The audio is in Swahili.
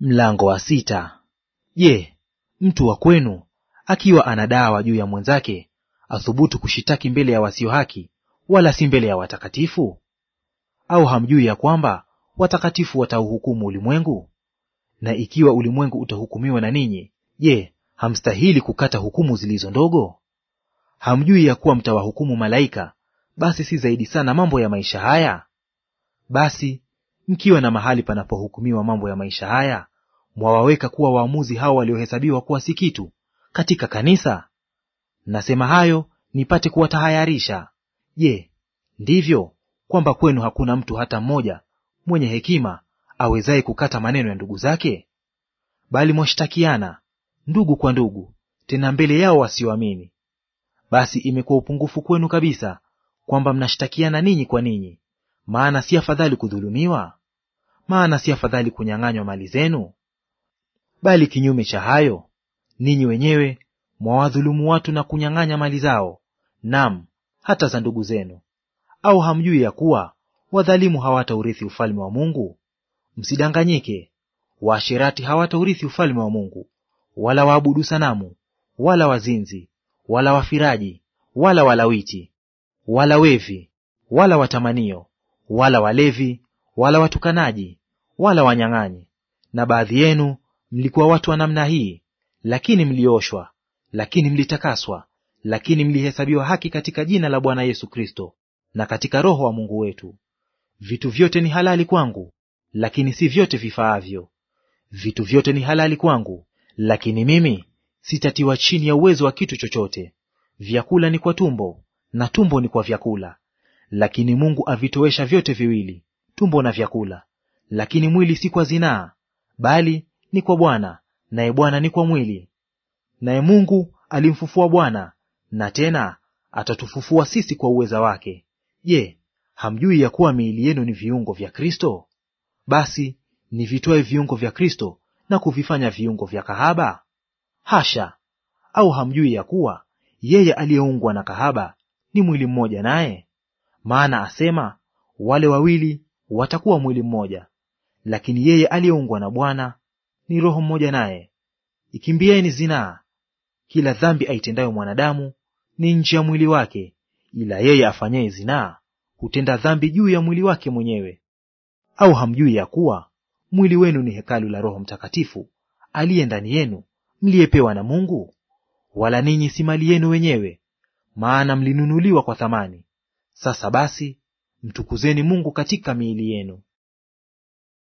Mlango wa sita. Je, mtu wa kwenu akiwa ana dawa juu ya mwenzake athubutu kushitaki mbele ya wasio haki, wala si mbele ya watakatifu? Au hamjui ya kwamba watakatifu watauhukumu ulimwengu? Na ikiwa ulimwengu utahukumiwa na ninyi, je, hamstahili kukata hukumu zilizo ndogo? Hamjui ya kuwa mtawahukumu malaika, basi si zaidi sana mambo ya maisha haya? Basi mkiwa na mahali panapohukumiwa mambo ya maisha haya, mwawaweka kuwa waamuzi hao waliohesabiwa kuwa si kitu katika kanisa? Nasema hayo nipate kuwatahayarisha. Je, ndivyo kwamba kwenu hakuna mtu hata mmoja mwenye hekima awezaye kukata maneno ya ndugu zake? Bali mwashtakiana ndugu kwa ndugu, tena mbele yao wasioamini. Basi imekuwa upungufu kwenu kabisa kwamba mnashtakiana ninyi kwa ninyi. Maana si afadhali kudhulumiwa? Maana si afadhali kunyang'anywa mali zenu? Bali kinyume cha hayo, ninyi wenyewe mwawadhulumu watu na kunyang'anya mali zao, nam hata za ndugu zenu. Au hamjui ya kuwa wadhalimu hawataurithi ufalme wa Mungu? Msidanganyike, waasherati hawataurithi ufalme wa Mungu, wala waabudu sanamu, wala wazinzi, wala wafiraji, wala walawiti, wala wevi, wala watamanio, wala walevi, wala watukanaji, wala wanyang'anyi. Na baadhi yenu mlikuwa watu wa namna hii, lakini mlioshwa, lakini mlitakaswa, lakini mlihesabiwa haki katika jina la Bwana Yesu Kristo na katika Roho wa Mungu wetu. Vitu vyote ni halali kwangu, lakini si vyote vifaavyo. Vitu vyote ni halali kwangu, lakini mimi sitatiwa chini ya uwezo wa kitu chochote. Vyakula ni kwa tumbo, na tumbo ni kwa vyakula, lakini Mungu avitowesha vyote viwili, tumbo na vyakula. Lakini mwili si kwa zinaa, bali ni kwa Bwana, naye Bwana ni kwa mwili. Naye Mungu alimfufua Bwana, na tena atatufufua sisi kwa uweza wake. Je, hamjui ya kuwa miili yenu ni viungo vya Kristo? Basi nivitoe viungo vya Kristo na kuvifanya viungo vya kahaba? Hasha! Au hamjui ya kuwa yeye aliyeungwa na kahaba ni mwili mmoja naye? Maana asema, wale wawili watakuwa mwili mmoja. Lakini yeye aliyeungwa na Bwana ni roho mmoja naye. Ikimbieni zinaa. Kila dhambi aitendayo mwanadamu ni nje ya mwili wake, ila yeye afanyaye zinaa hutenda dhambi juu ya mwili wake mwenyewe. Au hamjui ya kuwa mwili wenu ni hekalu la Roho Mtakatifu aliye ndani yenu, mliyepewa na Mungu? Wala ninyi si mali yenu wenyewe, maana mlinunuliwa kwa thamani. Sasa basi mtukuzeni Mungu katika miili yenu.